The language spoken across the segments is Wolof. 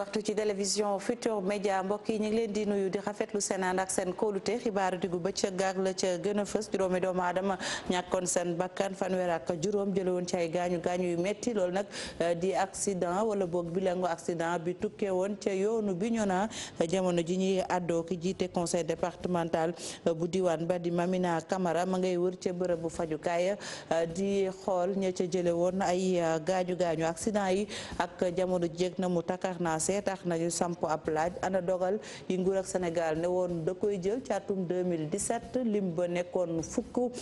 waxtu ci télévision Futurs Médias mbokk yi ñu ngi leen di nuyu di rafetlu seen ànd ak seen kóolute xibaaru diggu bëccëg ak la ca gën a fës juróomi doomu aadama ñàkkoon seen bakkan fanweer ak juróom jële woon ci ay gaañu gaañu yu metti loolu nag euh, di accident wala boog bilangu accident bi tukkee woon ca yoonu bi ñu naa jamono ji ñuy àddoo ki jiite conseil départemental euh, bu diwaan ba di Mamina Camara ma ngay wër ca bërëb bu fajukaay euh, di xool ña ca jële woon ay gaañu gaañu accident yi ak jamono jéeg na mu takar naa passé tax nañu samp ab laaj ana dogal yi nguur ak Sénégal ne woon da koy jël ci atum 2017 lim ba nekkoon fukk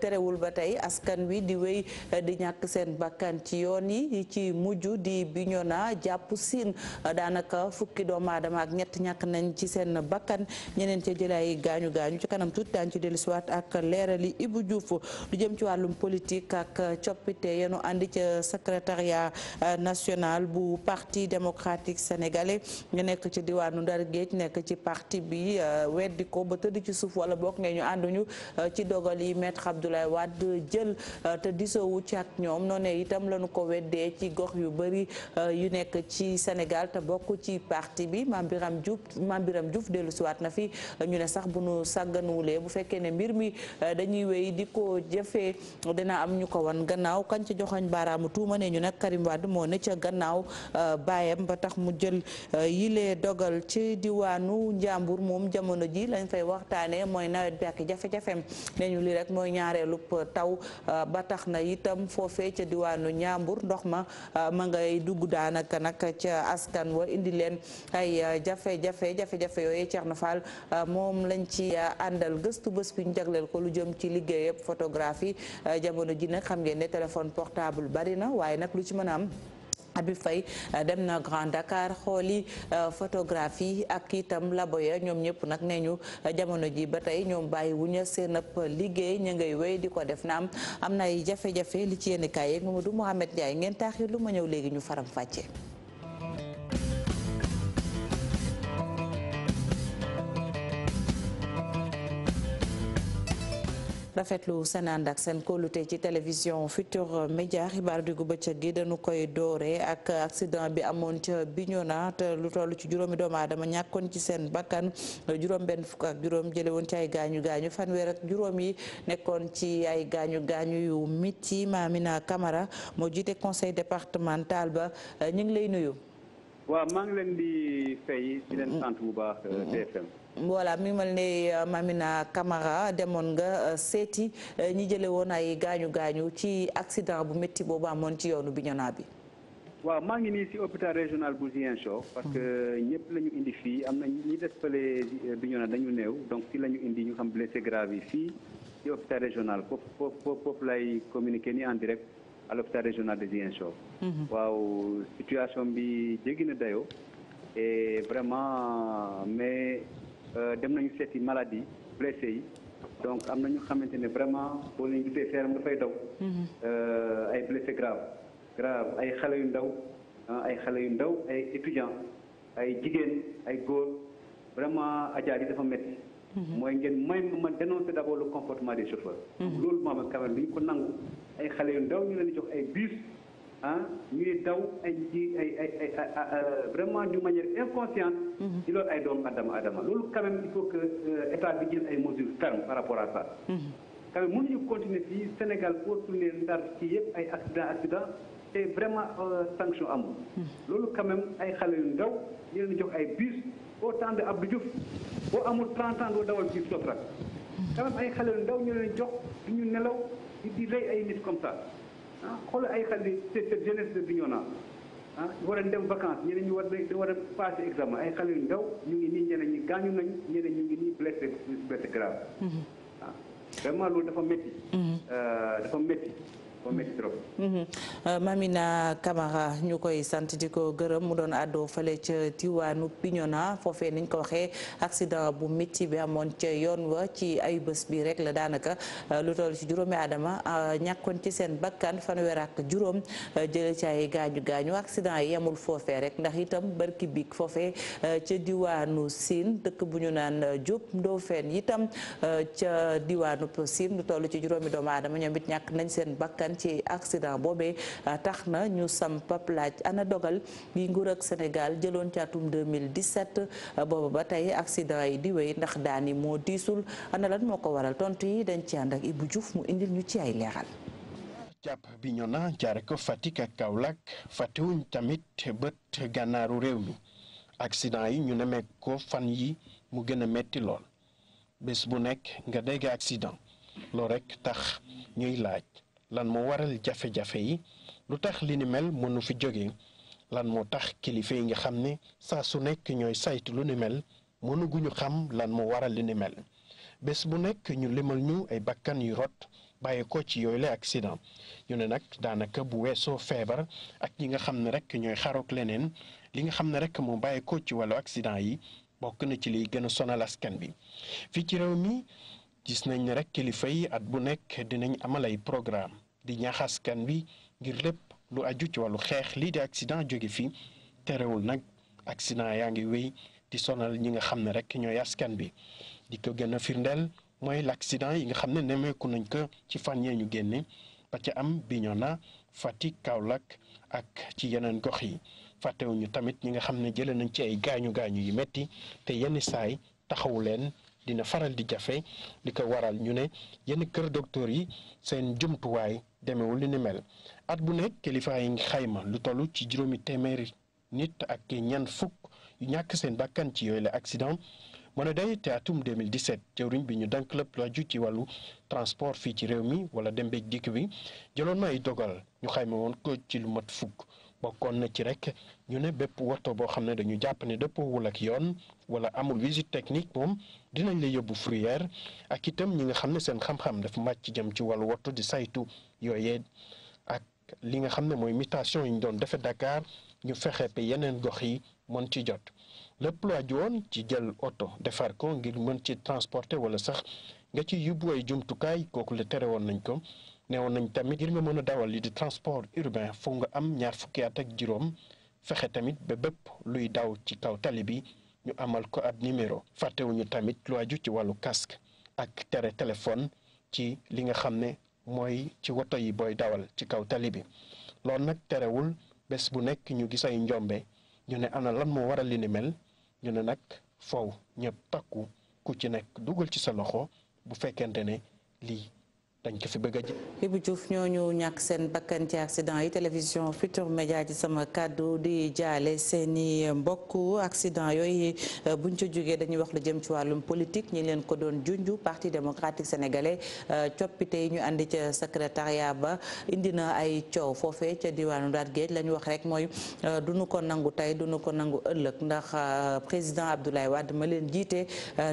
terewul ba tey askan wi di wéy di ñàkk seen bakkan ci yoon yi ci mujj di Bignona jàpp Sine daanaka fukki doomu aadama ak ñett ñàkk nañ ci seen bakkan ñeneen ca jëlee ay gaañu gaañu ci kanam tuuti daañu ci dellusiwaat ak leerali Ibou Diouf lu jëm ci wàllum politique ak coppite yenu andi ca secrétariat euh, national bu parti démocratique sénégalais ñu nekk ci diwaanu Ndar Géej nekk ci parti bi euh, weddi ko ba tëdd ci suuf wala bokk ne ñu ànduñu euh, ci dogal yi maître Abdoulaye Wade jël euh, te disoowu ci ak ñoom noonu itam lañu ko weddee ci gox yu bëri yu nekk ci Sénégal te bokk ci parti bi Mame Birame Diouf Mame Birame Diouf dellu siwaat na fi ñu ne sax bu nu sàgganuwulee bu fekkee ne mbir mi dañuy wéy di ko jëfee dina am ñu ko wan gannaaw kañ ci joxoñ baaraamu tuuma ne ñu nag Karim Wade moo ne gannaaw baayam ba tax mu jël euh, yile dogal ci diwaanu Njàmbur moom jamono ji lañ fay waxtaanee mooy nawet bi ak jafe-jafem nee ñu li rek mooy ñaareelu taw euh, ba tax na itam foofee ca diwaanu Njàmbur ndox ma euh, ma ngay dugg daanaka nag ca askan wa indi leen ay jafe-jafe jafe-jafe yooyu na Fall moom lañ ci àndal gëstu bés bi ñu jagleel ko lu jëm ci liggéey yëpp photographie jamono ji nag xam ngeen ne téléphone portable bari na waaye nag lu ci mën a am Habib fay euh, dem na Grand Dakar xooli euh, photographie ak itam labo ya ñoom ñëpp nag nee ñu euh, jamono ji ba tey ñoom bàyyi wuñu seen ëpp liggéey ña ngay wéy di ko def naam am na ay jafe-jafe li ci yenn kaay yeeg du Mohamed Ndiaye ngeen taaxir lu ma ñëw léegi ñu faram fàccee rafetlu seen ànd seen kóolute ci télévision Futur Média xibaar diggu bëccëg gi dañu koy doore ak accident bi amoon ca Bignona te lu toll ci juróomi doomu adama ñàkkoon ci seen bakkan juróom benn fukk ak juróom jële woon ci ay gaañu gaañu fanweer ak juróomi nekkoon ci ay gaañu gaañu yu miti Mamina Camara moo jiite conseil départemental ba ñu ngi lay nuyu waaw maa ngi leen di fay di leen sant bu baax TFM euh, mm-hmm. voilà mi mal ne euh, Mamina Camara demoon nga euh, seeti ñi jële woon ay gaañu gaañu ci accident bu métti boobu amoon ci yoonu Bignona bi waaw maa ngi nii si hôpital régional bu Ziguinchor parce que mm-hmm. ñëpp la ñu indi fii am na ñi des fële Bignona dañu néew donc fii la ñu indi ñu xam blessé grave yi fii ci hôpital régional foofu foofu lay communiqué nii en direct à l'hôpital régional de Ziguinchor. Mhm. waaw situation bi jéggi na dayoo. et vraiment mais euh, dem nañu seeti maladie blessé yi donc am na ñu xamante ne vraiment boo leen gisee seeram dafay daw. Mhm. Euh, ay blessé grave grave ay xale yu ndaw ah, ay xale yu ndaw ay étudiants ay jigéen ay góor vraiment ajaar yi dafa métti. Mhm. mooy ngeen may ma dénoncer d'abord le comportement des chauffeurs. loolu moom ak kawe bi ñu ko nangu. ay xale yu ndaw ñu leen jox ay bus ah ñuy daw ay ay ay euh, vraiment d'une manière inconsciente. Mm-hmm. di loolu ay doomu adama adama loolu quand même il faut que euh, état bi jël ay mesures fermes par rapport à ça. mu mm-hmm. même mënuñu continuer fii Sénégal pour leen ndar ci yëpp ay accident accident te vraiment euh, sanction amul. Mm-hmm. loolu quand ay xale yu ndaw ñu leen jox ay bus au temps de Abdou Diouf boo amul 30 ans doo dawal ci Sotrac. quand même ay xale yu ndaw ñu leen jox du ñu nelaw. di di lay ay nit comme ça ah xoolal ay xale cette jeunesse de Bignona ah war a dem vacances ñeneen ñu war a war a passé examen ay xale yu ndaw ñu ngi nii ñeneen ñi gaañu nañ ñeneen ñu ngi nii blessé blessé grave. Mm-hmm. ah loolu dafa métti. Mm-hmm. Euh, dafa métti. Mhm. Euh, Mamina Camara ñu koy sant di ko gërëm mu doon àddoo fale ca diwaanu Bignona foofee niñ ko waxee accident bu métti bi amoon ca yoon wa ci ay bés bi rek la daanaka euh, lu toll ci juróomi aadama euh, ñàkkoon ci seen bakkan fanweer ak juróom jële ci ay gaañu gaañu accident rek ndax itam barki biig foofee ca diwaanu dëkk bu ñu naan Diop Ndofène itam ca diwaanu Sine nañ seen bakkan ci accident boobee euh, tax na ñu samp ab laaj ana dogal bi nguur ak Sénégal jëloon ci atum 2017 euh, booba ba tey accident yi di wéy ndax daan yi moo diisul ana lan moo ko waral tontu yi dañ ci ànd ak Ibou Diouf mu indil ñu ci ay leeral. jàpp bi ñoo na jaare ko Fatick fàttewuñ tamit bët gànnaaru réew mi accident yi ñu nemmeek ko fan yi mu gën a metti lool bés bu nekk nga dégg accident loo rekk tax ñuy laaj lan moo waral jafe-jafe yi lu tax li ni mel mënu fi jóge lan moo tax kilifa yi nga xam ne saa su nekk ñooy saytu lu ni mel mënuguñu xam lan mu waral li ni mel bés bu nekk ñu limal ñu ay bàkkan yu rot bàyyi ko ci yooyu la accident ñu ne nag daanaka bu weesoo feebar ak ñi nga xam ne rek ñooy xarook leneen li nga xam ne rek moo bàyyi ko ci wàllu accident yi bokk na ci liy gën a sonal askan bi fii ci réew mi. gis nañ ne rek kilifa yi at bu nekk dinañ amal ay programme di ñaax askan wi ngir lépp lu aju ci wàllu xeex lii di accident jóge fi terewul nag accident yaa ngi wéy di sonal ñi nga xam ne rek ñooy askan bi di ko gën a firndeel mooy l'accident yi nga xam ne nemmeeku nañ ko ci fan yee ñu génne ba ca am Bignona Fatick Kaolack ak ci yeneen gox yi fàttewuñu tamit ñi nga xam ne jëlee nañ ci ay gaañu gaañu yi metti te yenn saay taxawu leen dina faral di jafe li ko waral ñu ne yenn kër docteur yi seen jumtuwaay demewul li ni mel at bu nekk kilifa yi xayma lu toll ci juróomi téeméeri nit ak ñan fukk yu ñàkk seen bakkan ci yooyu la accident mu ne day te atum 2017 jëwriñ bi ñu dank lépp la ju ci wàllu transport fii ci réew mi wala dem beeg dikk bi jaloon may dogal ñu xayma woon ko ci lu mat fukk bokkoon na ci rek ñu ne bépp woto boo xam ne dañu jàpp ne dëppoowul ak yoon wala amul visite technique moom dinañ la yóbbu fourrière ak itam ñi nga xam ne seen xam-xam dafa ci jëm ci wàllu woto di saytu yooye ak li nga xam ne mooy mutation yi ñu doon defe Dakar ñu fexe ba yeneen gox yi mën ci jot lépp lu aju ci jël oto defar ko ngir mën ci transporter wala sax nga ci yóbbu ay jumtukaay kooku la tere woon nañ ko neewoon nañ tamit ngir nga mën a dawal li di transport urbain foog nga am ñaar fukki at ak juróom fexe tamit ba bépp luy daw ci kaw tali bi ñu amal ko ab numéro fàttewuñu tamit lu aju ci wàllu casque ak tere téléphone ci li nga xam ne mooy ci woto yi booy dawal ci kaw tali bi loolu nag terewul bés bu nekk ñu gis ay njombe ñu ne ana lan moo waral li ni mel ñu ne nag fow ñëpp takku ku ci nekk dugal ci sa loxo bu fekkente ne lii dañ ko fi bëgg a jël. Ibou Diouf ñooñu ñàkk seen bakkan ci accident yi télévision Futurs Médias ci i mbokk accident yooyu euh, buñ ca jógee dañuy wax lu jëm ci wàllum politique euh, coppite yi ñu andi ca secrétariat ba indi na ay coow foofee ca diwaanu Ndar Géej la ñu wax rek mooy euh, du nu ko nangu tey du nu ko nangu ëllëg ndax président Abdoulaye Wade ma leen jiite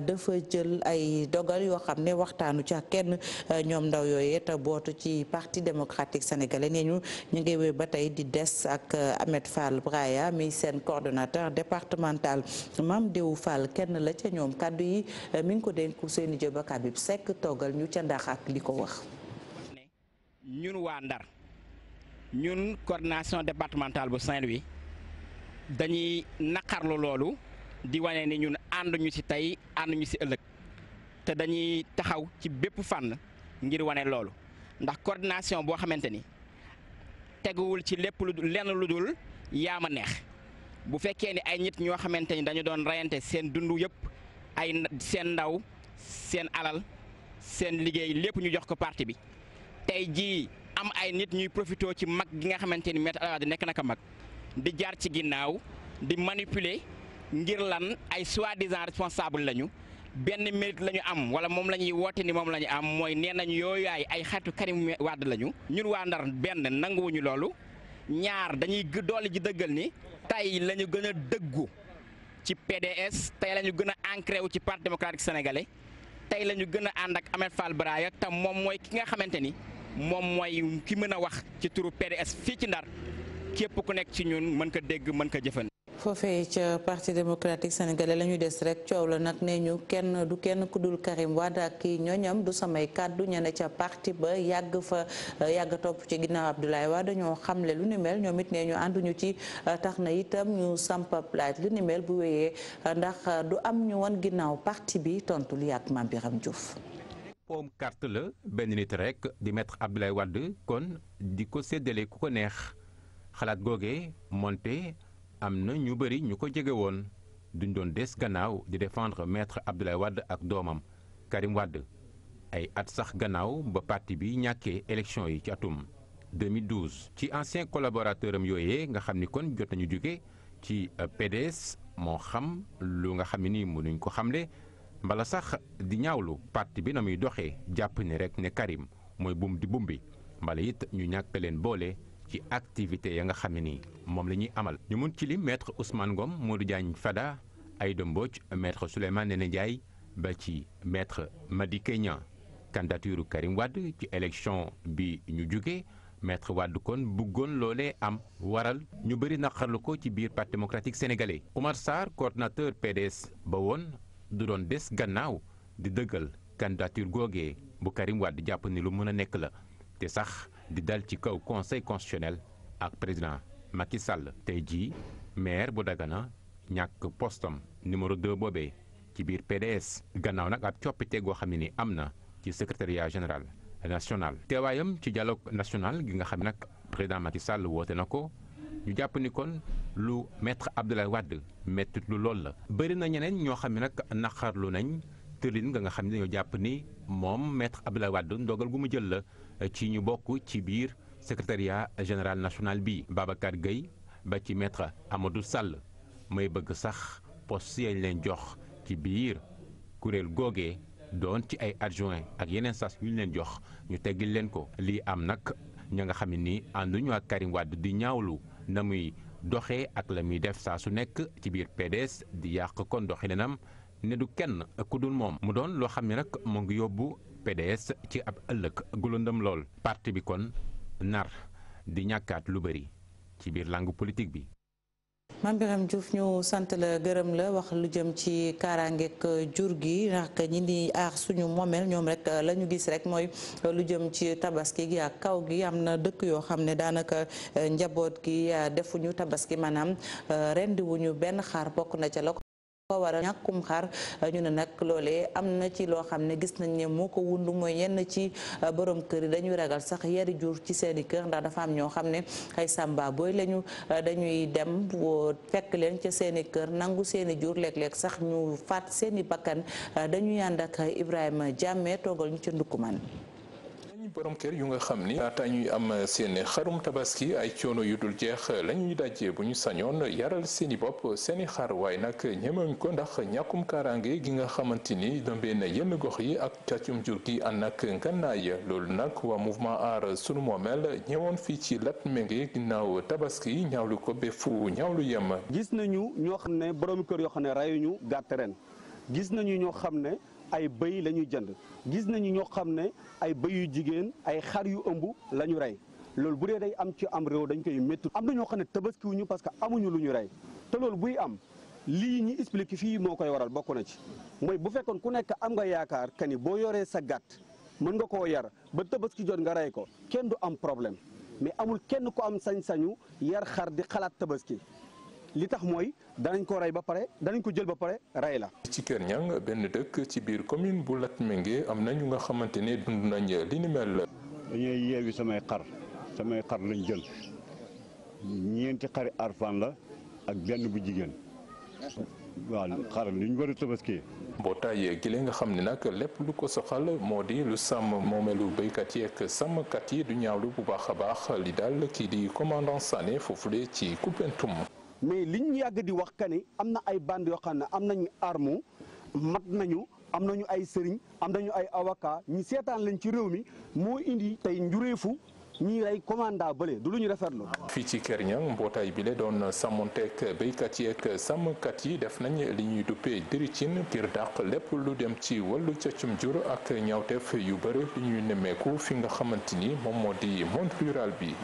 dafa jël ay dogal yoo xam ne waxtaanu ca kenn ñoom ndaw ndaw yooyu te bootu ci parti démocratique sénégalais nee ñu ñu ngi wéy ba tey di des ak euh, Ahmed Fall Braya mi seen coordonnateur départemental maam Dew Fall kenn la ca ñoom kàddu yi euh, mi ngi ko dénku seeni jëba Kabib sekk toggal ñu ca ndax ak li ko wax. ñun waa Ndar ñun coordination départementale bu saint wi dañuy naqarlu loolu di wane ni ñun ànd ñu ci tey ànd ñu ci ëllëg te dañuy taxaw ci bépp fànn. ngir wane loolu ndax coordination boo xamante ni teguwul ci lépp lu lenn lu dul yaama neex bu fekkee ni ay nit ñoo xamante ni dañu doon rayante seen dund yëpp ay seen ndaw seen alal seen liggéey lépp ñu jox ko parti bi tey ji am ay nit ñuy profité ci mag gi nga xamante ni Maître El Hadji nekk ko mag di jaar ci ginnaaw di manipuler ngir lan ay soi-disant responsable lañu benn mérite la ñu am wala moom la ñuy woote ni moom la ñu am mooy nee nañ yooyaay ay xeetu Karim Wade lañu ñun waa Ndar benn nanguwuñu loolu ñaar dañuy doole ji dëggal ni tay lañu ñu gën a dëggu ci PDS tey lañu ñu gën a ancré wu ci parti démocratique sénégalais tey la ñu gën a ànd ak Ahmed Fall Braya te moom mooy ki nga xamante ni moom mooy ki mën a wax ci turu PDS fii ci Ndar képp ku nekk ci ñun mën ko dégg mën ko jëfandikoo. foofee ca parti démocratique sénégalais la ñu des rek coow la nag ne ñu kenn du kenn ku dul Karim Wade ak kii ñooñam du samay kàddu ñene ca parti ba yàgg fa yàgg topp ci ginnaaw Abdoulaye Wade dañoo xamle lu ni mel ñoom it ne ñu ànduñu ci tax na itam ñu sampab laaj lu ni mel bu wéyee ndax du am ñu wan ginnaaw parti bi tontu lu yàgg Mame Biram Diouf. poom carte rek di maître Abdoulaye Wade di ko séddale ku ko neex xalaat googee monte am na ñu bëri ñu ko jege woon duñ doon des gannaaw di défendre maître Abdoulaye wàdd ak doomam Karim wàdd ay at sax gannaaw ba parti bi ñàkkee élection yi ci atum 2012 ci ancien collaborateur am yooyee nga xam ni kon jot nañu jóge ci euh, PDS moo xam lu nga xam ne nii mënuñ ko xamle mbala sax di ñaawlu parti bi na muy doxee jàpp ni rek ne Karim mooy bum di bum bi mbala it ñu ñàkk leen boole. ci activité ya nga xam ne nii moom la ñuy amal ñu mun ci li maître Ousmane Ngom Modou Diagne Fada Aïda Mbodj maître Souleymane Ndéné Ndiaye ba ci maître Madické Niang candidature Karim Wade ci élection bi ñu jugee maître Wade kon bëggoon loolee am waral ñu bëri naqarlu ko ci biir parti démocratique sénégalais Oumar Sarr coordonnateur PDS ba woon du doon des gannaaw di dëggal candidature googe bu Karim Wade jàpp ni lu mën a nekk la te sax di dal ci kaw conseil constitutionnel ak président Macky Sall tey jii maire bu Dagana ñàkk postam numéro 2 boobee ci biir PDS gannaaw nag ab coppite goo xam ne ni am na ci secrétariat général national teewaayam ci dialogue national gi nga xam ne nag président Macky Sall woote na ko ñu jàpp ni kon lu maître Abdoulaye Wade métti lu lool la. bëri na ñeneen ñoo xam ne nag naqarlu nañ tërlin nga nga xam ne dañoo jàpp ni moom maître Abdoulaye Wade ndogal gu mu jël ci ñu bokk ci biir secrétariat général national bi Babacar Gueye ba ci maître amadu Sall may bëgg sax poste yañ leen jox ci biir kuréel googe doon ci ay adjoint ak yeneen sas yu ñu leen jox ñu teggil leen ko lii am nag ña nga xam ne nii ànduñu ak Karim Wade di ñaawlu na muy doxee ak la muy def saa su nekk ci biir PDS di yàq kon doxalinam ne du kenn ku dul moom mu doon loo xam ne nag mu ngi yóbbu PDS ci ab ëllëg gulandam lool parti bi kon nar di ñàkkaat lu bëri ci biir langue politique bi. Mame Birame Diouf ñu sant la gërëm la wax lu jëm ci kaaraangeeg jur gi ndax ñi di aar suñu moomeel ñoom rek la gis rek mooy lu jëm ci tabaski gi kaw gi am na dëkk yoo xam ne daanaka njaboot gi defuñu tabaski maanaam rendi wuñu benn xaar bokk na ca la ko ko waral ñàkkum xar ñu ne nag loole am na ci loo xam ne gis nañ ne moo ko wundu mooy yenn ci euh, borom kër yi dañuy ragal sax yari jur ci seen i kër ndax dafa am ñoo xam ne ay samba booy lañu euh, dañuy dem fekk leen ca seen i kër nangu seen i jur léeg-léeg sax ñu faat seen i bakkan euh, dañuy ànd ak Ibrahima Jàmme toogal ñu ca ndukkumaan borom kër yu nga xam ni laata ñuy am seeni xarum tabaski ay coono yu dul jeex la ñuy dajje bu ñu sañoon yaral seeni bopp seeni xar waaye nag ñemewuñ ko ndax ñàkkum kaaraange gi nga xamante ni dambee na yenn gox yi ak càccum jur gi ànd ak ngànnaay loolu nag waa mouvement aar sunu moomeel ñëwoon fii ci Latmingué ginnaaw tabaski ñawlu ko be fu ñaawlu yem. gis nañu ñoo xam ne borom kër yoo xam ne rayuñu gàtt ren gis nañu ñoo xam ne ay bëy la ñu jënd gis nañu ñoo xam ne ay bëy yu jigéen ay xar yu ëmb la ñu rey loolu bu dee day am ci am réew dañ koy méttu am na ñoo xam ne tabaskiwuñu parce que amuñu lu ñu rey te loolu buy am lii ñu explique fii moo koy waral bokk na ci mooy bu fekkoon ku nekk am nga yaakaar que ni boo yoree sa gàtt mën nga koo yar ba tabaski jot nga rey ko kenn du am problème mais amul kenn ko am sañ-sañu yar xar di xalaat tabaski li tax mooy danañ ko rey ba pare danañ ko jël ba pare rey la. ci Kër Niang benn dëkk ci biir commune bu Latmingué am nañu nga xamante ne dund nañ li ni mel. dañuy yeewi samay xar samay xar lañ jël ñeenti xari arfan la ak benn bu jigéen. waaw xar li ñu war a tabaski. mbootaay gi nga xam ne nag lépp lu ko soxal moo di lu sàmm moomeelu béykat yi ak sàmmkat yi du ñaaw lu bu baax a baax li daal kii di commandant foofu de ci Koupentoum. mais liñ ñu yàgg di wax que ni am na ay bande yoo xam ne am nañu armu mat nañu am nañu ay sëriñ am nañu ay awaka ñi seetaan lañ ci réew mi moo indi tey njureefu ñii lay commanda bële du lu ñu rafetlu. fii ci Kër Niang mbootaay bi la doon sàmmonteeg béykat yi ak sàmmkat yi def nañ li ñuy duppee diricin ngir dàq lépp lu dem ci wàllu càccum jur ak ñaawteef yu bëri li ñuy nemmeeku fi nga xamante ni moom moo di monde rural bi.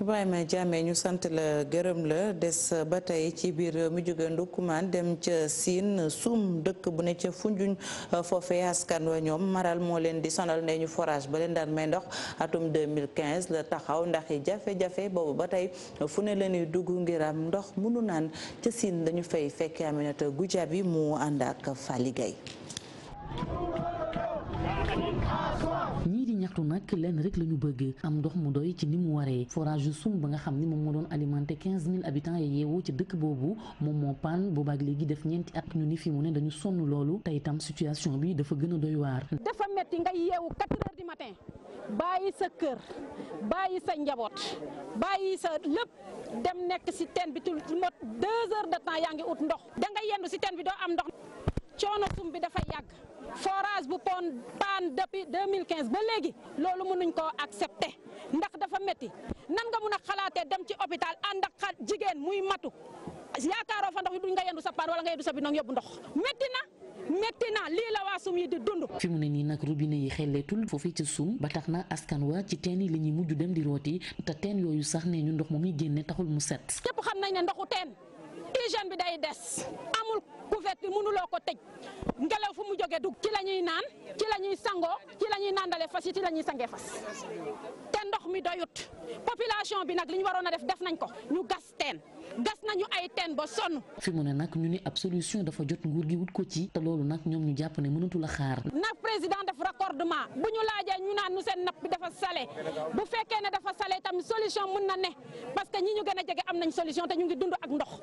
Ibrahima Diame ñu sant la gërëm la des ba tey ci biir mu jóge ndukkumaan dem ca Sine suum dëkk bu ne ca Foundiougne euh, foofee askan wa ñoom maral moo leen di sonal ne ñu forage ba leen daan may ndox atum 2015 la taxaw ndax yi jafe-jafe boobu ba tey fu ne la dugg ngiram ndox mënu naan ca siin lañu fay fekk Aminata Goudiaby mu ànd ak Fally Gueye ñaxtu nag lenn rek la ñu bëgg am ndox mu doy ci ni mu waree forage yu sum ba nga xam ni moom moo doon alimenté 15000 habitants ya yeewoo dëkk boobu moom moo paan boobaak léegi def ñeenti at ñu ni fi mu ne dañu sonn loolu te itam situation bi dafa gën a doy waar. dafa metti nga yeewu 4 heures du matin bàyyi sa kër bàyyi sa njaboot bàyyi sa lépp dem nekk si teen bi lu mot 2 heures de temps yaa ngi ut ndox da yendu si teen bi doo am ndox coono sum bi dafa yàgg. forage bu pon paan depuis 2015 ba léegi loolu mënuñ koo accepter ndax dafa metti nan nga mun a xalaatee dem ci hôpital ànd ak jigéen muy matu yaakaaroo fa ndox yi duñ nga yendu sa paan wala nga yendu sa bi nag yóbbu ndox metti na metti na lii la waa sum yi di dund fi mu ne nii nag robinet yi xelleetul foofu ci sum ba tax na askan wa ci teen yi la ñuy mujj dem di rooti te teen yooyu sax ne ñu ndox moom yi génne taxul mu set képp xam nañ couverte bi ko tëj ngelaw fu mu jógee dugg ci la ñuy naan ci la ñuy sangoo ci la ñuy fas yi ci la ñuy sangee fas te ndox mi doyut population bi nag li ñu waroon a def def nañ ko ñu gas teen gas nañu ay teen ba sonn. fi mu ne nag ñu ni ab solution dafa jot nguur gi wut ko ci te loolu nag ñoom ñu jàpp ne mënatul a xaar. nag président def raccordement bu ñu laajee ñu naan nu seen napp dafa sale bu fekkee ne dafa salé tam solution mun na ne parce que ñi ñu gën nañ solution te ngi dund ak ndox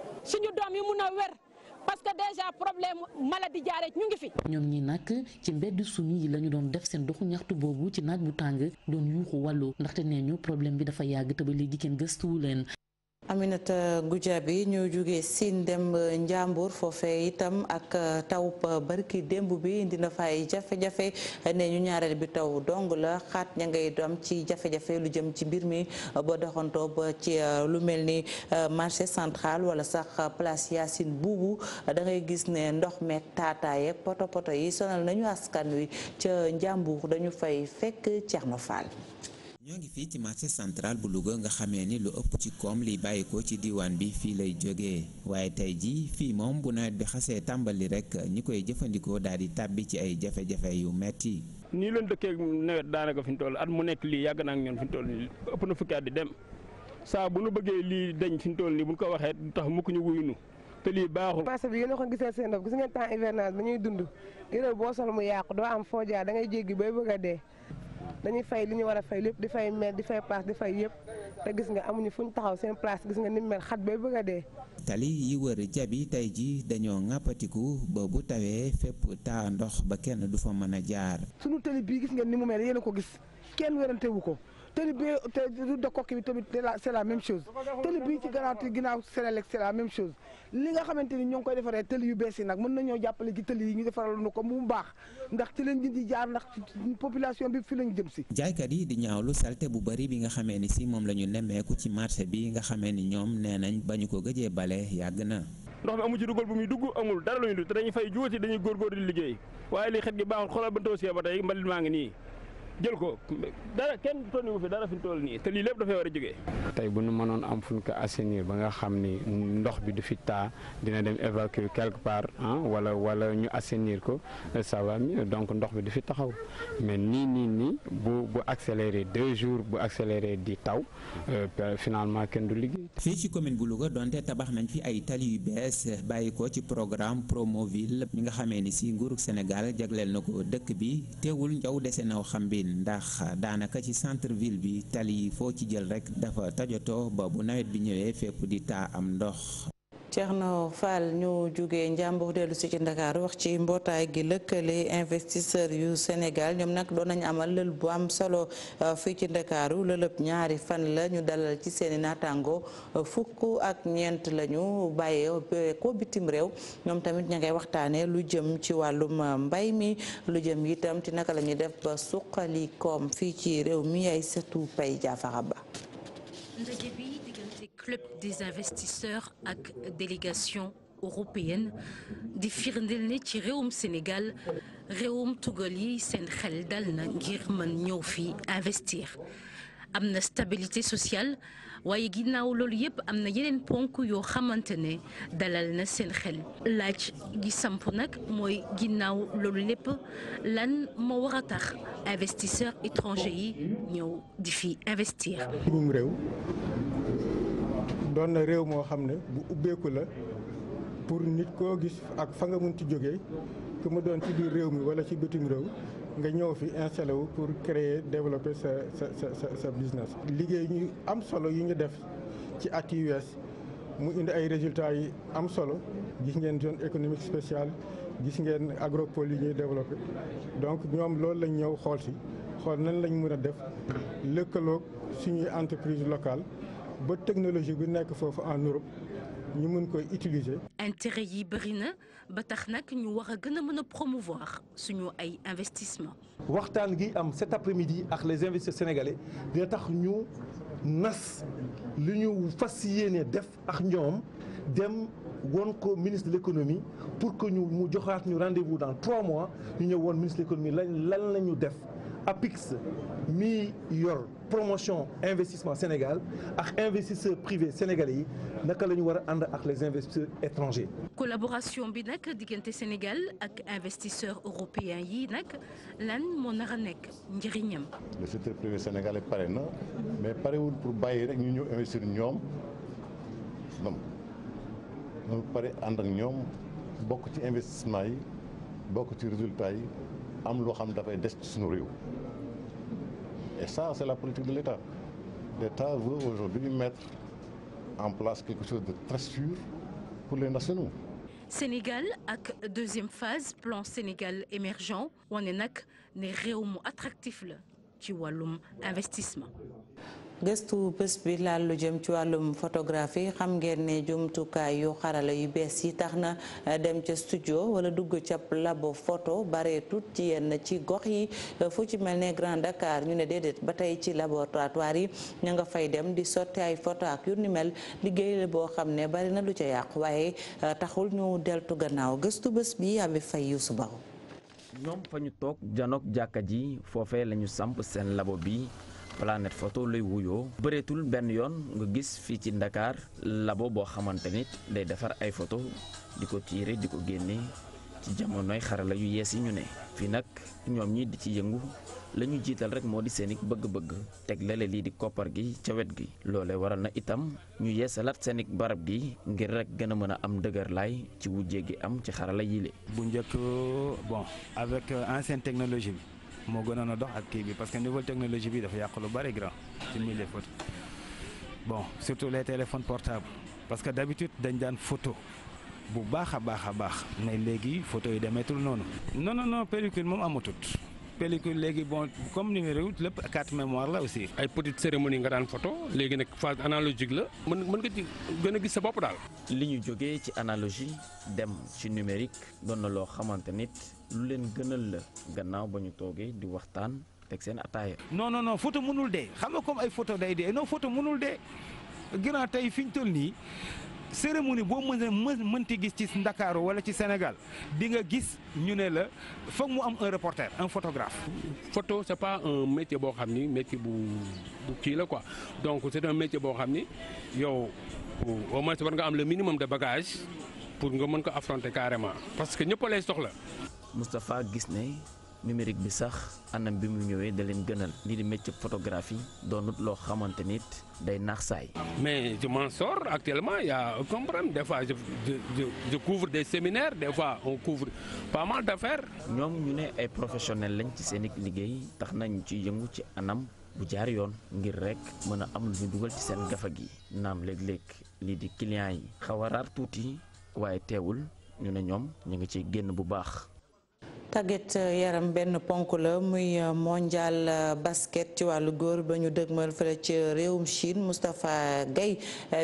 parce que déjà problème maladie jaaree ñu ngi fi. ñoom ñi nag ci mbedd sumi yi la ñu doon def seen doxu ñaxtu boobu ci naaj bu tàng doon yuuxu wàllu ndaxte nee ñu problème bi dafa yàgg te ba léegi kenn gëstuwu leen. Aminata bi ñu jógee Sine dem Njàmbur foofee itam ak euh, taw euh, barki démb bi dina fay jafe-jafe ne ñu ñaareel bi taw dong la xaat ña ngay doom ci jafe-jafe lu jëm ci mbir mi euh, ba doxantoo ba ci lu mel ni marché central wala sax place Yacine Boubou da ngay gis ne ndox meeg taataaye poto poto yi sonal nañu askan wi ca Njàmbur dañu fay fekk Thierno Fall. ñoo ngi fii ci marché central bu Louga nga xamee ni lu ëpp ci koom liy bàyyikoo ci diwaan bi fii lay jógee waaye tey jii fii moom bu nawet bi xasee tàmbali rek ñi koy jëfandikoo daal di tàbbi ci ay jafe-jafe yu metti nii leen dëkkee nawet daanaka fi ñu toll at mu nekk lii yàgg naa ak ñoom fi ñu toll nii ëpp na fukki at di dem saa bu nu bëggee lii dañ fi ñu toll nii bu ñu ko waxee du tax mukk ñu wuyunu te lii baaxul. marché bi yéen a ko gisal seen bopp gis ngeen t hivernage bi ñuy dund boo sol mu yàqu doo am foo jaar da ngay jéggi bay dee dañuy fay li ñu war a fay lépp di fay mel di fay place di fay yëpp te gis nga amuñu fu ñu taxaw seen place gis nga ni mel xat bay bëgg a dee. tali yi wër jabi tey ji dañoo ŋàppatiku ba bu tawee fépp taa ndox ba kenn du fa mën a jaar. sunu tali bii gis nga ni mu mel yéen a ko gis kenn wérante ko. tëli bi te route de Koki bi tamit c'est la même chose tëli bii ci gannaaw te ginnaaw Senelec c'est la même chose li nga xamante ni ñoo koy defaree tëli yu bees yi nag mën nañoo jàppale ci tëli yi ñu defaraloon ko mu baax ndax ci lañ di jaar ndax population bi fi lañ jëm si. jaaykat yi di ñaawlu salte bu bari bi nga xamee ni si moom la ñu nemmeeku ci marché bi nga xamee ni ñoom nee nañ ba ñu ko gëjee bale yàgg na. ndox mi amu ci dugal bu muy dugg amul dara lu ñu dugg te dañuy fay juuti maa ngi nii jël ko dara kenn tonni fi dara fi toll nii te lii lépp dafay war a jógee. tey bu nu mënoon am fu ñu ko assainir ba nga xam ni ndox bi du fi taa dina dem évacuer quelque part ah wala wala ñu assainir ko ça donc ndox bi du fi taxaw mais nii nii nii bu bu accéléré deux jours bu accéléré di taw euh, finalement kenn du liggéey. fii ci commune bu Louga donte tabax nañ fi ay tali bees bàyyi ko ci programme Promoville bi nga xamee ni si nguurug Sénégal jagleel na ko dëkk bi teewul njaw dese naw xam bi ndax daanaka ci centre ville bi tali foo ci jël rek dafa tajatoo ba bu nawet bi ñëwee fépp di taa am ndox na Fall ñu jóge njàmbur dellu si ci Ndakaaru wax ci mbootaay gi lëkkale investisseur yu Sénégal ñoom nag doon nañu amal lël bu am solo euh, fii ci Ndakaaru lëlëb ñaari fan la ñu dalal ci seeni naataango fukk ak ñeent lañu ñu ko bitim réew ñoom tamit ña ngay waxtaanee lu jëm ci wàllum euh, mbay mi lu jëm itam ci naka la ñuy def ba suqali koom fii ci réew mi ay sëtu pay jaafara ba club des investisseurs ak délégation européenne di firndeel ne ci réewum Sénégal réewum tugal yi seen xel dal na ngir mën ñëw fi investir am na stabilité sociale waaye ginnaaw loolu yépp am na yeneen ponk yoo xamante ne dalal na seen xel laaj gi samp nag mooy ginnaaw loolu lépp lan moo war a tax investisseurs étrangers yi ñëw di fi investir. réew doon na réew moo xam ne bu ubbeeku la pour nit koo gis ak fa nga mun mënti jógee ki mu doon ci biir réew mi wala ci bitim réew nga ñëw fi installé wu pour créer développer sa sa sa sa sa business. liggéey ñu am solo yi ñu def ci at yu wees mu indi ay résultats yi am solo gis ngeen zone économique spéciale gis ngeen agropole yi ñuy développé donc ñoom loolu lañ ñëw xool si xool nan lañ mën a def lëkkaloog suñuy entreprise locale. ba technologie bi nekk foofu en Europe ñu mën koy utiliser. intérêt yi bëri na ba tax nag ñu wax a gën a mën a promouvoir suñu ay investissement waxtaan gi am cet après-midi ak les investisseurs sénégalais dina tax ñu nas li ñu fas yéene def ak ñoom dem woon ko ministre l'économie pour que ñu mu joxaat ñu rendez-vous dans trois mois ñu ñëw woon ministre de l'économie lan lan def APIX mi yor. promotion investissement Sénégal ak investisseurs privés sénégal yi naka la ñu war a ànd ak les investisseurs étrangers. collaboration bi nag diggante Sénégal ak investisseurs européens yi nag lan moo nar a nekk njëriñam. le secteur privé sénégalais pare na mais parewul pour bàyyi rek ñu ñëw investir ñoom ñoom ñoom pare ànd ak ñoom bokk ci investissement yi bokk ci résultat yi am loo xam dafay des ci suñu Et ça, c'est la politique de l'État. L'État veut aujourd'hui mettre en place quelque chose de très sûr pour les nationaux. Sénégal ak deuxième phase plan Sénégal émergent wane nag ne réew mu attractif la ci wàllum investissement gëstu bés bi laal lu jëm ci wàllum photographie xam ngeen ne jumtukaay yu xarala yu bees yi tax na eh, dem ca studio wala dugg ca labo photo bareetut ci yenn ci gox yi eh, fu ci mel ne Grand Dakar ñu ne déedéet ba tey ci laboratoire yi ña nga fay dem di sotti ay photo ak yu ni mel liggéey la boo xam ne bari na lu ca yàqu waaye eh, taxul ñu deltu gannaaw gëstu bés bi abi fay yusu baw ñoom fa ñu toog janook jàkka ji foofee lañu samp seen labo bi Planète Photo lay wuyoo bëreetul benn yoon nga gis fii ci Ndakaar labo boo xamante ni day defar ay photo di ko tiire di ko génne ci jamonoy xarala yu yees yi ñu ne fii nag ñoom ñi di ci yëngu la ñu jiital rek moo di seeni bëgg-bëgg teg lale lii di koppar gi ca wet gi loole waral na itam ñu yeesalaat seeni barab gi ngir rek gën a mën a am dëgër laay ci wujje gi am ci xarala yile bu njëkk bon avec euh, ancienne technologie bi moo gënoon a dox ak kii bi parce que nouvelle technologie bi dafa yàq lu bari grand ci milieu photo bon surtout les téléphone portables parce que d'habitude dañ daan photo bu baax a baax a baax mais léegi photo yi demeetul noonu. non non non pellicule moom amatut pellicule léegi bon comme numéro yi lépp carte mémoire la aussi. ay petite cérémonie nga daan photo léegi nag phase analogique la. mën mën nga ci gën a gis sa bopp daal. li ñu jógee ci analogie dem ci numérique doon na loo xamante nit. lu leen gënal la gannaaw ba ñu toogee di waxtaan teg seen ataaya. non non non photo mënul dee xam nga comme ay photo day dee non photo mënul de gannaaw tey fi ñu toll nii cérémonie boo mën a mënti gis ci Ndakaaru wala ci Sénégal di nga gis ñu ne la foog mu am un reporter un photographe. photo c'est pas un métier boo xam ni métier bu kii la ko donc c'est un métier boo xam ni yow au moins war nga am le minimum de bagage pour nga mën ko affronter carrément parce que ñëpp lay soxla. Moustapha gis ne numérique bi sax anam bi mu ñëwee da leen gënal lii di métier photographie doonut loo xamante nit day naax saay. mais je m'en sors actuellement y a aucun problème des fois je je couvre des séminaires des fois on couvre pas mal d'affaires. ñoom ñu ne ay professionnels lañ ci seen liggéey tax nañ ci yëngu ci anam. bu jaar yoon ngir rek mën a am lu ñu dugal ci seen gafa gi naam léeg-léeg lii di clients yi xaw a raar tuuti waaye teewul ñu ne ñoom ñu ngi ciy génn bu baax. tàggat euh, yaram benn ponk la muy euh, mondial euh, basket ci wàllu góor ba ñu dëgmal fële ci réewum Chine Moustapha Gaye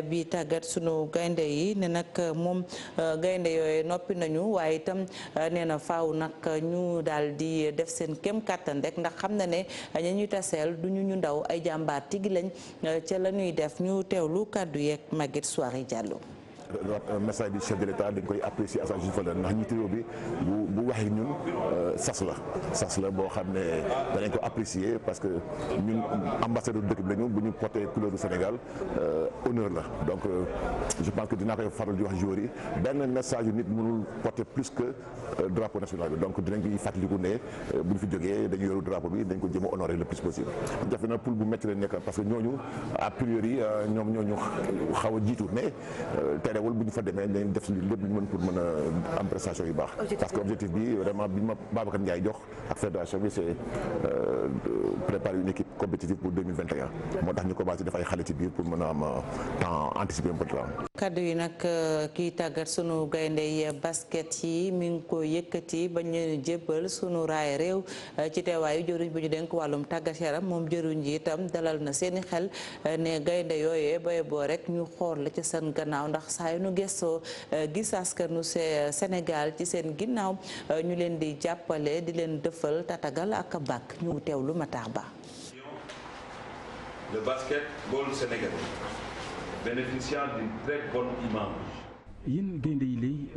bi tàggat sunu gaynde yi ne nag moom gaynde yooyu noppi nañu waaye itam nee na faaw nag ñu daal di def seen kem kàttan rek ndax xam na ne ña taseel du ñu ñu ndaw ay jàmbaar tigi lañ ca la ñuy def ñu teew lu kàddu yeeg Maguette Souare Diallo Euh, message bi chef de l'état dañ koy apprécier à sa juste valeur ndax njiitu bi bu waxee ñun euh, sas la sas la boo xam ne danañ ko apprécier parce que ñun ambassadeur dëkk bi lañu bu ñu porté couleur du Sénégal euh, honneur la donc je pense que dinaa koy faral di wax joueurs yi benn message nit mënul porté plus que drapeau national bi donc dinañ koy fàttaliku ne bu ñu fi jógee dañu yoru drapeau bi dañ ko jéem a honoré le plus possible jafe na pour bu métti la nekk parce que ñooñu a priori ñoom ñooñu xaw a jiitu mais terewul bu ñu fa demee dañ def lépp lu ñu mën pour mën a am prestation yu baax. parce que objectif bi vraiment bi ma Babacar Ndiaye jox ak fédération bi c'est euh, préparer une équipe compétitive pour moo tax ñu commencé def ay xale ci biir pour mën a am euh, temps anticipé un kaddu yi nag euh, kii tàggat sunu gayndey basket yi mi ngi ko yëkkati ba ñu jébbal sunu raay réew ci teewaayu jëruñ bu ñu dénk wàllum tàggat yaram moom jëruñ ji itam dalal na seeni saa yu nu gëstoo euh, gis askanu Sénégal ci seen ginnaaw euh, ñu leen di jàppale di leen dëfal tatagal ak bàkk ñu teew lu Ba. Le basket-ball sénégalais bénéficiant d'une très bonne image.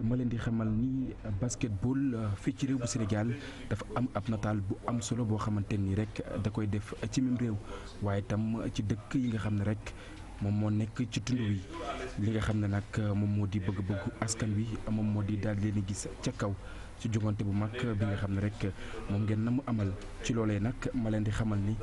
ma leen di xamal ni basketball euh, fii ci réew bu Sénégal dafa am ab nataal bu am solo boo xamante ni rek da koy def ci même réew waaye tam ci dëkk yi nga xam ne rek moom moo nekk ci tund wi li nga xam ne nag moom moo di bëgg-bëggu askan wi moom moo di daal leen gis ca kaw ci jongante bu mag bi nga xam ne rek moom ngeen na mu amal ci loolee nag ma leen di xamal ni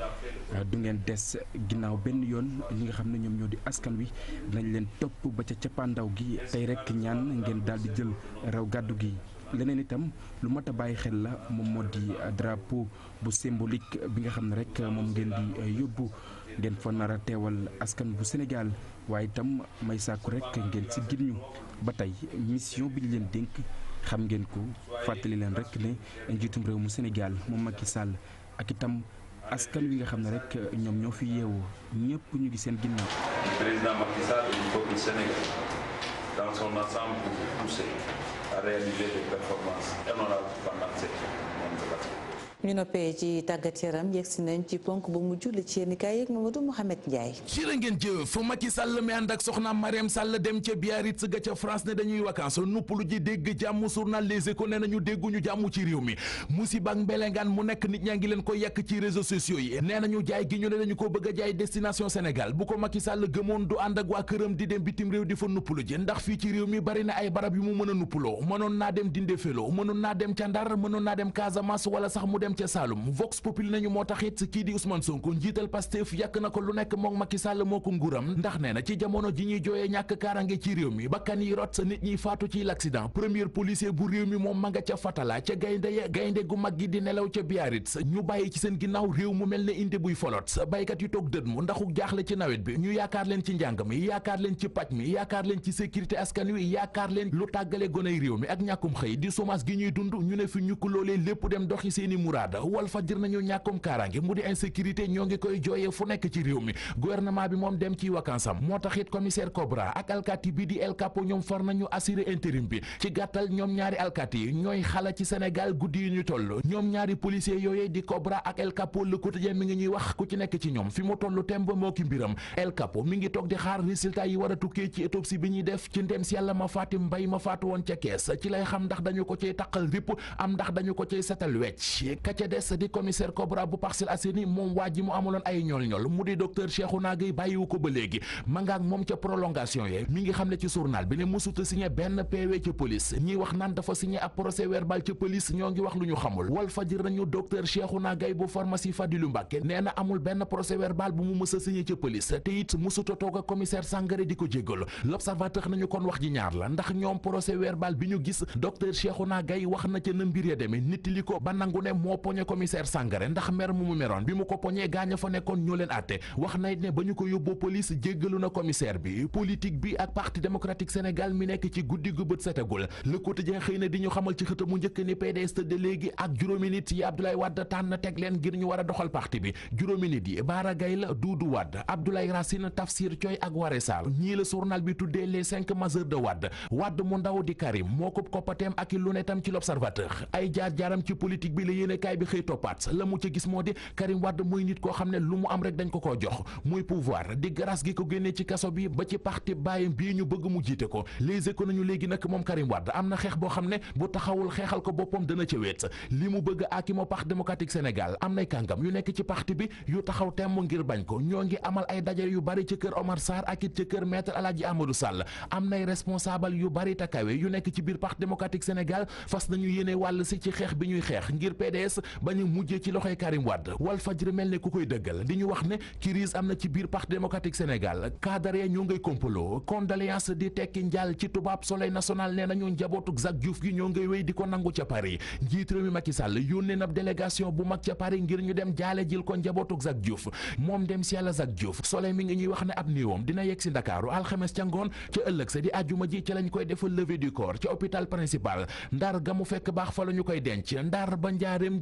du ngeen des ginnaaw benn yoon ñi nga xam ne ñoom ñoo di askan wi dinañ leen topp ba ca cappaandaw gi tey rek ñaan ngeen daal di jël raw gàddu gi. leneen itam lu mat a bàyyi xel la moom moo di drapo bu symbolique bi nga xam ne rek moom ngeen di yóbbu. ngeen fa nar a askan bu Sénégal waaye itam may sàkku rek ngeen si gin ñu ba tey mission bi ñu leen dénk xam ngeen ko fàttali leen rek ne njiitum réew mu Sénégal moom Macky sàll ak itam askan wi nga xam ne rek ñoom ñoo fi yeewoo ñépp ñu ngi seen ginnaaw. ñu noppee ci tàggat yaram yegg si nañ ci ponk bu mujj li ci yéen kaay yeeg Mamadou Mouhamed Ndiaye. ci la ngeen jëf Macky Sall mi ànd ak soxnaam Mariam Sall dem ca Biarritz ga ca France ne dañuy vacances noppalu ji dégg jàmm journal Les Échos ne nañu dégguñu jàmm ci réew mi musiba mbelengaan mu nekk nit ñaa leen ko yàq ci réseaux sociaux yi nee nañu jaay gi ñu ne dañu ko bëgg a jaay destination Sénégal bu ko Macky Sall gëmoon du ànd ak waa a dem ca Saalum Vox Populi nañu moo taxit kii di Ousmane Sonko njiital Pastef yàq na ko lu nekk moom Macky Sall moo ko nguuram ndax nee na ci jamono ji ñuy jooyee ñàkk kaarange ci réew mi bakkan yi rot sa nit ñiy faatu ci l'accident premier policier bu réew mi moom ma nga ca Fatala ca gaynde ya gaynde gu mag gi di nelaw ca sa ñu bàyyi ci seen ginnaaw réew mu mel ne indi buy folot baykat yu toog dët mu ndaxu jaaxle ci nawet bi ñu yaakaar leen ci njàng mi yaakaar leen ci paj mi yaakaar leen ci sécurité yaakaar leen lu tàggale gonay réew mi ak ñàkkum xëy di chômage ñuy dund ñu malade wal fajir nañu ñàkkum kaaraange mu di insécurité ñoo ngi koy jooyee fu nekk ci réew mi gouvernement bi moom dem ci vacances am moo tax it commissaire Cobra ak alkaati bi di El Capo ñoom far nañu assurer intérim bi ci gàttal ñoom ñaari alkaati yi ñooy xala ci Sénégal guddi yu ñu toll ñoom ñaari policier yooyee di Cobra ak El Capo Le Quotidien mi ngi ñuy wax ku ci nekk ci ñoom fi mu toll temb moo ki mbiram El Capo mi ngi toog di xaar résultat yi war a tukkee ci autopsie bi ñuy def ci ndem ma faati mbay ma faatu woon ca kees ci lay xam ndax dañu ko cay taqal ripp am ndax dañu ko cay setal ka ca des di commissaire Cobra bu Parcelles Assainies moom waa ji mu amuloon ay ñool-ñool mu di docteur Cheikhouna Gueye bàyyiwu ko ba léegi ma moom ca prolongation yee mi ngi xam ne ci journal bi ne mësuta signé benn PV ca police ñiy wax naan dafa signé ab procès verbal ca police ñoo ngi wax lu ñu xamul wal fajir nañu docteur Cheikhouna Gueye bu pharmacie Fadilou Mbacké nee na amul benn procès verbal bu mu mës a signé ca police te it mësuta toog ak wax ji ñaar la ndax ñoom procès verbal bi ñu gis docteur Cheikhouna Gueye na ca na mbir ya ba nangu poñe commissaire Sangaré ndax mer mu mu meroon bi mu ko poñee gaañ fa nekkoon ñoo leen àtte wax na ne ba ñu ko yóbboo police jéggalu na commissaire bi politique bi ak parti démocratique Sénégal mi nekk ci guddi gu bët setagul le quotidien xëy na di ñu xamal ci xëta mu njëkk ni PDS tëdd léegi ak juróomi nit yi Abdoulaye Wade tànn teg leen ngir ñu war a doxal parti bi juróomi nit yi Bara Gaye la Doudou Wade Tafsir Thioye ak Waré Sall ñii yéenekaay bi xëy toppaat la mu ca gis moo di Karim Wade mooy nit koo xam ne lu mu am rek dañ ko koo jox muy pouvoir ko génnee ci kaso bi ba ci mu jiite ko les éco nañu léegi nag na xeex boo xam ne bu taxawul xeexal ko li mu bëgg Akimo Parti démocratique Sénégal am nay kàngam yu nekk ci parti bi yu taxaw temm ngir bañ ko ñoo ngi amal ay daje yu bari ci kër Omar Sarr ak it ci kër maître Aladji Amadou Sall am nay responsable yu bari takawe yu nekk ci biir Parti démocratique Sénégal fas nañu yéene wàll si ci xeex bi ñuy xeex ngir PDS bañ a mujjee ci loxoy Karim Wade Walfadjri mel ne ku koy dëggal di ñu wax ne crise am na ci biir parti démocratique Sénégal cadre ya ñoo ngay kompaloo condoléance di tekki njaal ci tubaab soleil national nee nañu njabootu Jacques Diouf gi ñoo ngay wéy di ko nangu ca Paris njiit réew mi Macky Sall yónnee na délégation bu mag ca Paris ngir ñu dem jaale jil ko njabootu Jacques Diouf moom dem si yàlla Jacques Diouf soleil mi ngi ñuy wax ne ab néewam dina yegg si Ndakaaru alxames ca ngoon ca ëllëg sa di àjjuma ji ca lañ koy defal levée du corps ca hôpital principal ndar ga mu fekk baax la ñu koy denc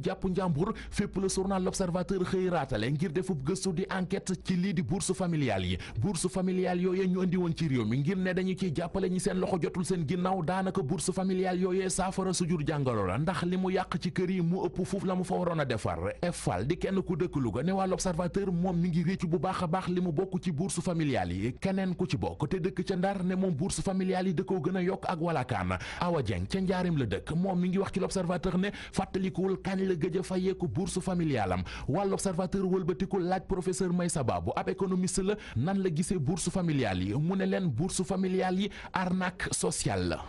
ñu jàpp njàmbur fépp la journal l'observateur xëy raatale ngir defu gëstu di enquête ci lii di bourse familiale yi bourse familiale yooyee ñu indi ci réew mi ngir ne dañu ciy jàppale ñi seen loxo jotul seen ginnaaw daanaka bourse familiale yooyee saafara su jur jàngalo la ndax li mu yàq ci kër yi mu ëpp fuuf la mu fa waroon a defar effal di kenn ku dëkk Louga ne waa l'observateur moom mi ngi réccu bu baax baax li mu bokk ci bourse familiale yi keneen ku ci bokk te dëkk ca Ndar ne moom bourse familiale yi da koo gën a yokk ak walakaan Awa Dieng ca njaarim la dëkk moom mi ngi wax ci l'observateur ne fàttalikuwul kañ la gëj a fayeeku bourse familiale am wàll observateur wëlbatiku laaj professeur Meissa Ba bu ab économiste la nan la gisee bourse familiale yi mu ne leen bourse familial yi arnaque sociale la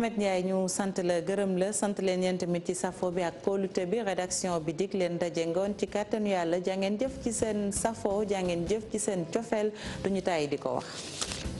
Mouhamed Ndiaye ñu sant la gërëm la sant leen yéen tamit ci safo bi ak kóolute bi rédaction bi dig leen daje ngoon ci kàttanu yàlla jàngeen jëf ci seen safo jàngeen jëf ci seen cofeel duñu tàyyi di ko wax